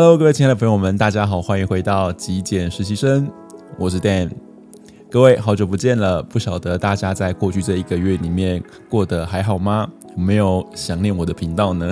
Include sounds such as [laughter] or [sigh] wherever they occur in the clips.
Hello，各位親愛的朋友們，大家好，歡迎回到極簡實習生，我是 Dan。各位好久不見了，不曉得大家在過去這一個月裡面過得還好嗎？沒有想念我的頻道呢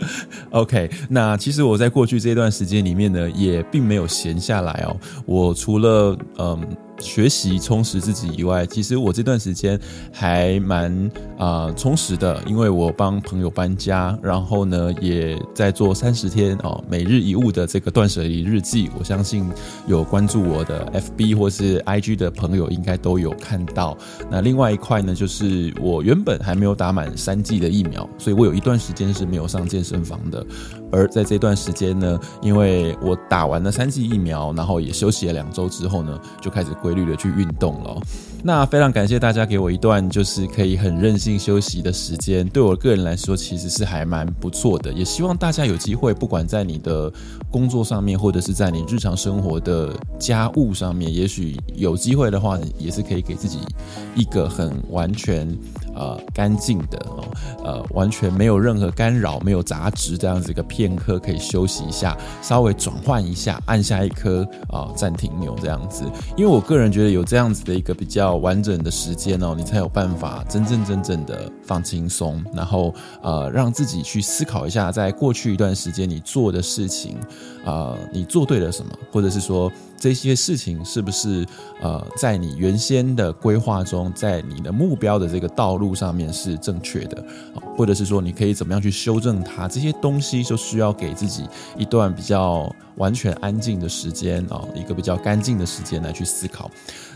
[laughs] ？OK，那其實我在過去這段時間裡面呢，也並沒有閒下來哦，我除了嗯。呃學習充實自己以外，其實我這段時間還蠻啊、呃、充實的，因為我幫朋友搬家，然後呢，也在做三十天哦每日一物的這個斷捨離日記。我相信有關注我的 FB 或是 IG 的朋友應該都有看到。那另外一塊呢，就是我原本還沒有打滿三劑的疫苗，所以我有一段時間是沒有上健身房的。而在這段時間呢，因為我打完了三劑疫苗，然後也休息了兩周之後呢，就開始歸。的去運動嘍、哦。那非常感謝大家給我一段就是可以很任性休息的時間，對我個人來說其實是還蠻不錯的。也希望大家有機會，不管在你的工作上面，或者是在你日常生活的家務上面，也許有機會的話，也是可以給自己一個很完全呃乾淨的哦呃完全沒有任何干擾、沒有雜質這樣子一個片刻，可以休息一下，稍微轉換一下，按下一顆啊暫停鈕這樣子，因為我個。個人覺得有這樣子的一個比較完整的時間哦，你才有辦法真正真正的放輕鬆，然後呃，讓自己去思考一下，在過去一段時間你做的事情，呃，你做對了什麼，或者是說。這些事情是不是呃，在你原先的規劃中，在你的目標的這個道路上面是正確的，或者是說你可以怎麼樣去修正它？這些東西就需要給自己一段比較完全安靜的時間啊，呃，一個比較乾淨的時間來去思考。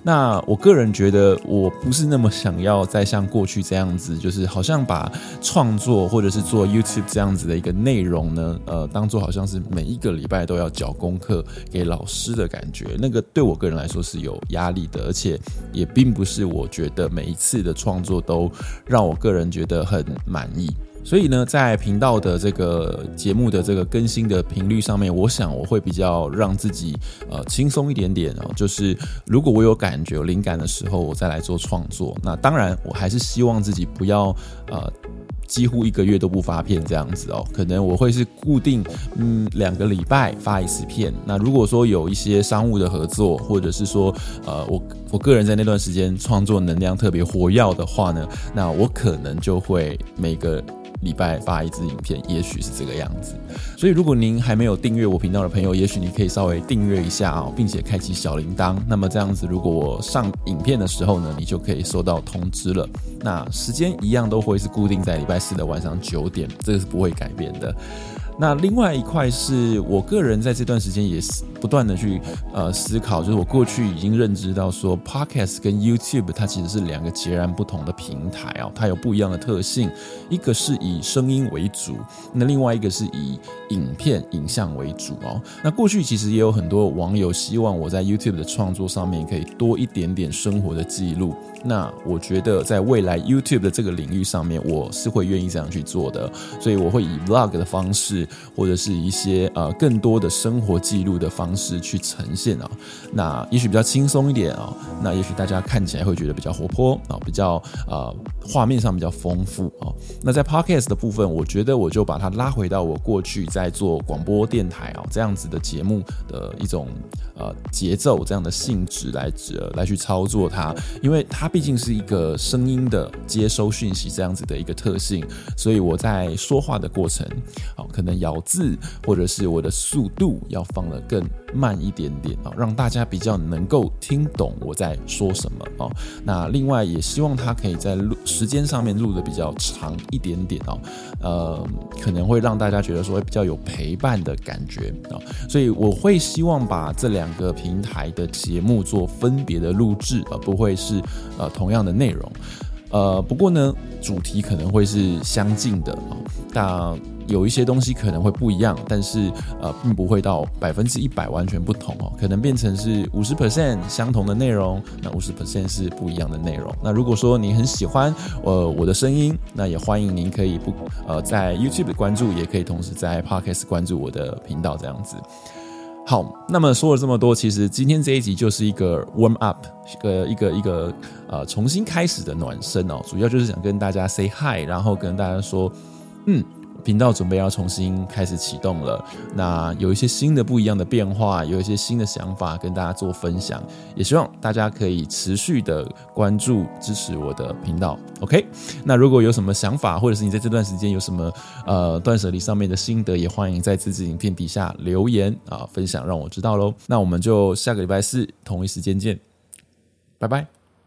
那我個人覺得，我不是那麼想要再像過去這樣子，就是好像把創作或者是做 YouTube 這樣子的一個內容呢，呃，當做好像是每一個禮拜都要交功課給老師的感覺。覺那個對我個人來說是有壓力的，而且也並不是我覺得每一次的創作都讓我個人覺得很滿意。所以呢，在頻道的這個節目的這個更新的頻率上面，我想我會比較讓自己呃輕鬆一點點。哦。就是，如果我有感覺、有靈感的時候，我再來做創作。那當然，我還是希望自己不要呃。幾乎一個月都不發片這樣子哦，可能我會是固定嗯兩個禮拜發一次片。那如果說有一些商務的合作，或者是說呃我我個人在那段時間創作能量特別活躍的話呢，那我可能就會每個。禮拜發一支影片，也許是這個樣子。所以，如果您還沒有訂閱我頻道的朋友，也許你可以稍微訂閱一下啊、哦，並且開啟小鈴鐺。那麼這樣子，如果我上影片的時候呢，你就可以收到通知了。那時間一樣都會是固定在禮拜四的晚上九點，這個是不會改變的。那另外一塊是我個人在這段時間也不斷的去呃思考，就是我過去已經認知到說，Podcast 跟 YouTube 它其實是兩個截然不同的平台哦，它有不一樣的特性，一個是以聲音為主，那另外一個是以影片影像為主哦。那過去其實也有很多網友希望我在 YouTube 的創作上面可以多一點點生活的記錄，那我覺得在未來 YouTube 的這個領域上面，我是會願意這樣去做的，所以我會以 Vlog 的方式。或者是一些呃更多的生活記錄的方式去呈現啊、哦，那也許比較輕鬆一點啊、哦，那也許大家看起來會覺得比較活潑啊、哦，比較呃畫面上比較豐富啊、哦。那在 Podcast 的部分，我覺得我就把它拉回到我過去在做廣播電台啊、哦、這樣子的節目的一種呃節奏這樣的性質來來去操作它，因為它畢竟是一個聲音的接收訊息這樣子的一個特性，所以我在說話的過程啊、哦、可能。咬字，或者是我的速度要放得更慢一點點啊、哦，讓大家比較能夠聽懂我在說什麼哦，那另外也希望它可以在錄時間上面錄得比較長一點點啊、哦，呃，可能會讓大家覺得說比較有陪伴的感覺啊、哦。所以我會希望把這兩個平台的節目做分別的錄制，而、呃、不會是呃同樣的內容。呃，不過呢，主題可能會是相近的啊。那、哦有一些東西可能會不一樣，但是呃，並不會到百分之一百完全不同哦，可能變成是五十 percent 相同的內容，那五十 percent 是不一樣的內容。那如果說你很喜歡呃我的聲音，那也歡迎您可以不呃在 YouTube 關注，也可以同時在 Podcast 關注我的頻道這樣子。好，那麼說了這麼多，其實今天這一集就是一個 warm up，一個一個一個呃重新開始的暖身哦，主要就是想跟大家 say hi，然後跟大家說，嗯。頻道準備要重新開始啟動了，那有一些新的不一樣的變化，有一些新的想法跟大家做分享，也希望大家可以持續的關注支持我的頻道，OK？那如果有什麼想法，或者是你在這段時間有什麼呃斷捨離上面的心得，也歡迎在這支影片底下留言啊，分享讓我知道嘍。那我們就下個禮拜四同一時間見，拜拜。